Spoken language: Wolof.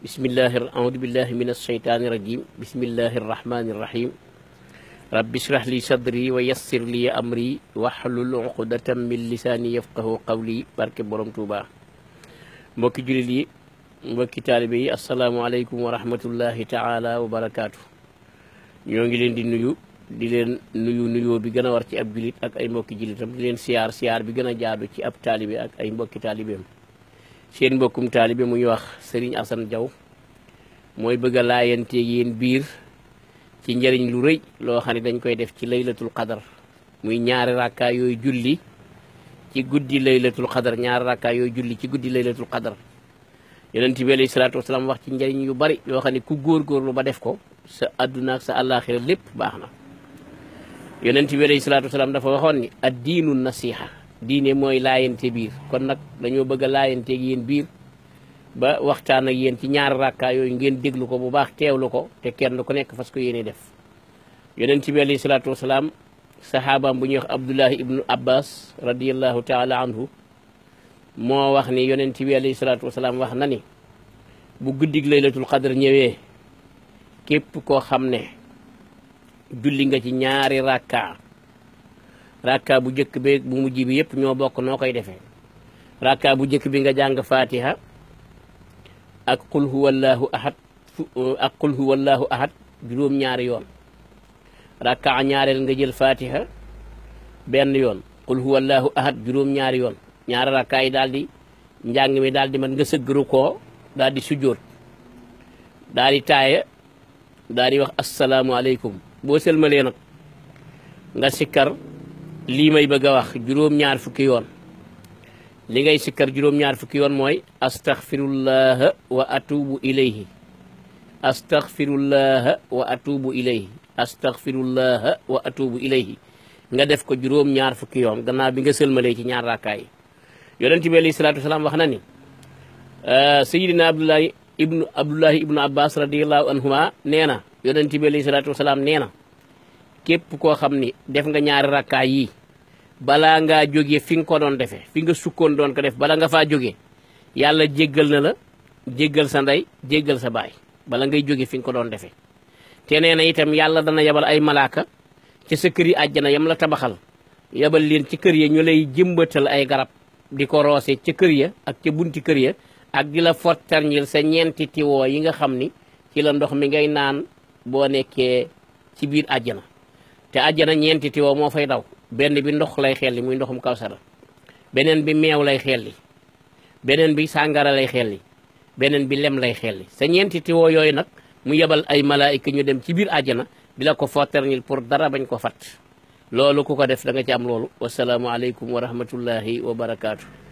bismillahi audu billahi min alsheytaani irajim bismillahi irrahmani irrahim rabbi israh li sadri wa yassir li amri waxlul uqdatan min lisaani yafqahu qawli barke borom tuuba mbokki jullit yi mbokki taalibe yi asalaamualeykum wa taala wa barakaatu ñoo ngi leen di nuyu di leen nuyu nuyoo bi gën a war ci ab jullit ak ay mbokki jullitam di leen siyaar siyaar bi gën a jaadu ci ab taalibe ak ay mbokki taalibeem seen mbokkum taalibe muy wax sëriñ Assane jaw mooy bëgg a laayanteeg yéen biir ci njariñ lu rëy loo xam ne dañ koy def ci laylatul qadar muy ñaari rakka yooyu julli ci guddi laylatul qadar ñaari rakka yooyu julli ci guddi laylatul qadar yonent bi alayhi salaatu wasalaam wax ci njariñ yu bari yoo xam ne ku góor góorgóorlu ba def ko sa adduna ak sa àllaaxira lépp baax na yonent bi alayhi salaatu wasalaam dafa waxoon ni ad diinu nasiha diine moy layenté bir kon nak dañu bëgg layenté ak yeen bir ba waxtaan ak yeen ci ñaar rakka yooyu ngeen déglu ko bu baax teewlu ko te kenn ku nekk fas ko def yonent bi alayhi salaatu wasalaam bu Abdullah wax ibnu abbas radiyallahu taala anhu mo wax ni yonent bi alayhi salaatu wassalam wax na ni bu guddig laylatul qadr ñewé képp ko xamné ne julli nga ci ñaari rakka rakka bu njëkk bi bu mujj bi yëpp ñoo bokk noo koy defee rakka bu njëkk bi nga jàng fatiha ak qul huwallahu ahad juróom ñaari yoon rakka ñaareel nga jël fatiha benn yoon qul huwallahu ahad juróom ñaari yoon ñaari rakka yi daal di njàng mi daal di mën nga sëggru koo daal di sujjóot daal di taaya daal di wax boo sëlmalee nag nga sikkar Lima may bëgg wax juroom ñaar fukki yoon li ngay sikkar juroom ñaar fukki yoon moy astaghfirullah wa atubu ilayhi Astaghfirullah wa atubu ilayhi Astaghfirullah wa atubu ilayhi nga def ko juroom ñaar fukki yoon ganna bi nga sëlmalee ci ñaar raakaay yonent bi alayhi salaatu wasalaam wax na ni euh, ibnu abulai ibnu abbas radiyallahu anhuma neena na bi ali salaatu wasalaam nee na képp koo def nga ñaar rakkaay yi balaa ngaa jóge fi nga ko doon defee fi nga sukkoon doon ko def bala nga faa jóge yàlla jéggal na la jéggal sa ndey jéggal sa baay bala ngay jóge fi nga ko doon defee te nee na itam yàlla dana yabal ay malaaka ci sa kër àjjana yam la tabaxal yabal leen ci kër ya ñu lay jëmbatal ay garab di ko roose ca kër ya ak ca bunti kër ya ak di la fottarñil sa ñeenti tiwoo yi nga xam ni ci la ndox mi ngay naan boo nekkee ci biir àjjana te àjjana ñeenti tiwoo moo fay daw benn bi ndox lay xelli muy ndoxum kaw kawsara beneen bi meew lay xelli beneen bi sàngara lay xelli beneen bi lem lay xelli sa ñeenti tiwoo yooyu nag mu yebal ay malaayika ñu dem ci biir àjjana di la ko fotternil pour dara bañ ko fat loolu ku ko def da nga ci am loolu wasalaamualeykum wa rahmatullahi wa barakaatu.